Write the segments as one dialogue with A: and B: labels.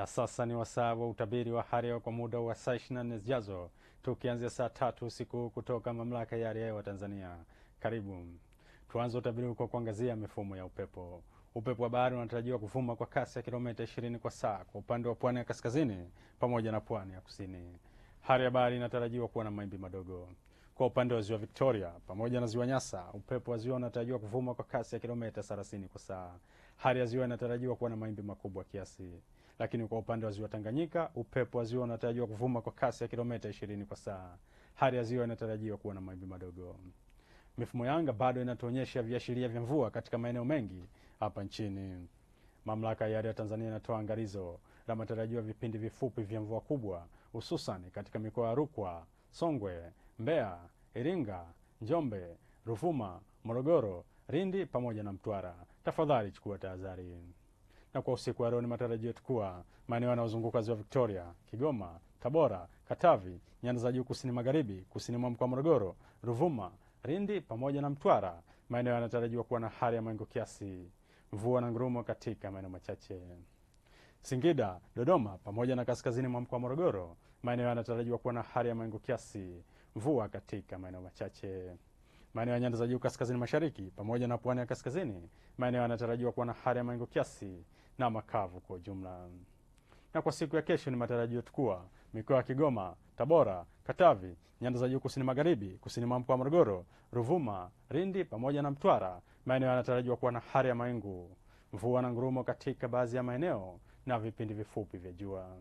A: Na sasa ni wasaa wa utabiri wa hali ya hewa kwa muda wa saa 24 zijazo, tukianzia saa tatu usiku kutoka Mamlaka ya Hali ya Hewa Tanzania. Karibu tuanze utabiri huu kwa kuangazia mifumo ya upepo. Upepo wa bahari unatarajiwa kuvuma kwa kasi ya kilomita 20 kwa saa kwa upande wa pwani ya kaskazini pamoja na pwani ya kusini. Hali ya bahari inatarajiwa kuwa na mawimbi madogo. Kwa upande wa ziwa Victoria pamoja na ziwa Nyasa, upepo wa ziwa unatarajiwa kuvuma kwa kasi ya kilomita 30 kwa saa. Hali ya ziwa inatarajiwa kuwa na mawimbi makubwa kiasi. Lakini kwa upande wa ziwa Tanganyika, upepo wa ziwa unatarajiwa kuvuma kwa kasi ya kilomita 20 kwa saa. Hali ya ziwa inatarajiwa kuwa na mawimbi madogo. Mifumo ya anga bado inatuonyesha viashiria vya mvua katika maeneo mengi hapa nchini. Mamlaka ya Yari ya Tanzania inatoa angalizo la matarajio vipindi vifupi vya mvua kubwa hususan katika mikoa ya Rukwa, Songwe, Mbeya, Iringa, Njombe, Ruvuma, Morogoro, Lindi pamoja na Mtwara. Tafadhali chukua tahadhari na kwa usiku wa leo ni matarajio yetu kuwa maeneo yanayozunguka ziwa Victoria, Kigoma, Tabora, Katavi, nyanda za juu kusini magharibi, kusini mwa mkoa wa Morogoro, Ruvuma, Lindi pamoja na Mtwara, maeneo yanatarajiwa kuwa na hali ya mawingu kiasi, mvua na ngurumo katika maeneo machache. Singida, Dodoma pamoja na kaskazini mwa mkoa wa Morogoro, maeneo yanatarajiwa kuwa na hali ya mawingu kiasi, mvua katika maeneo machache. Maeneo ya nyanda za juu kaskazini mashariki pamoja na pwani ya kaskazini, maeneo yanatarajiwa kuwa na hali ya mawingu kiasi na makavu kwa ujumla. Na kwa siku ya kesho ni matarajio tukua mikoa ya Kigoma, Tabora, Katavi, nyanda za juu kusini magharibi, kusini mwa mkoa wa Morogoro, Ruvuma, Lindi pamoja na Mtwara, maeneo yanatarajiwa kuwa na hali ya mawingu, mvua na ngurumo katika baadhi ya maeneo na vipindi vifupi vya jua.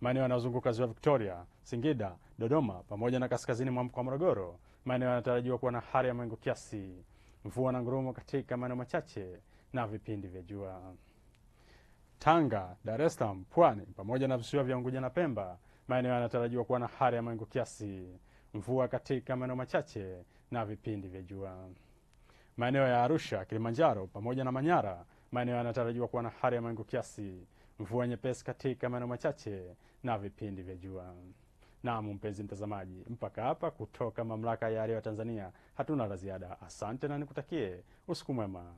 A: Maeneo yanayozunguka ziwa Victoria, Singida, Dodoma pamoja na kaskazini mwa mkoa wa Morogoro, maeneo yanatarajiwa kuwa na hali ya mawingu kiasi, mvua na ngurumo katika maeneo machache na vipindi vya jua. Tanga, Dar es Salaam, Pwani pamoja na visiwa vya Unguja na Pemba, maeneo yanatarajiwa kuwa na hali ya mawingu kiasi, mvua katika maeneo machache na vipindi vya jua. Maeneo ya Arusha, Kilimanjaro pamoja na Manyara, maeneo yanatarajiwa kuwa na hali ya mawingu kiasi, mvua nyepesi katika maeneo machache na vipindi vya jua. Naam, mpenzi mtazamaji, mpaka hapa kutoka Mamlaka ya Yaliyo ya Tanzania hatuna la ziada. Asante na nikutakie usiku mwema.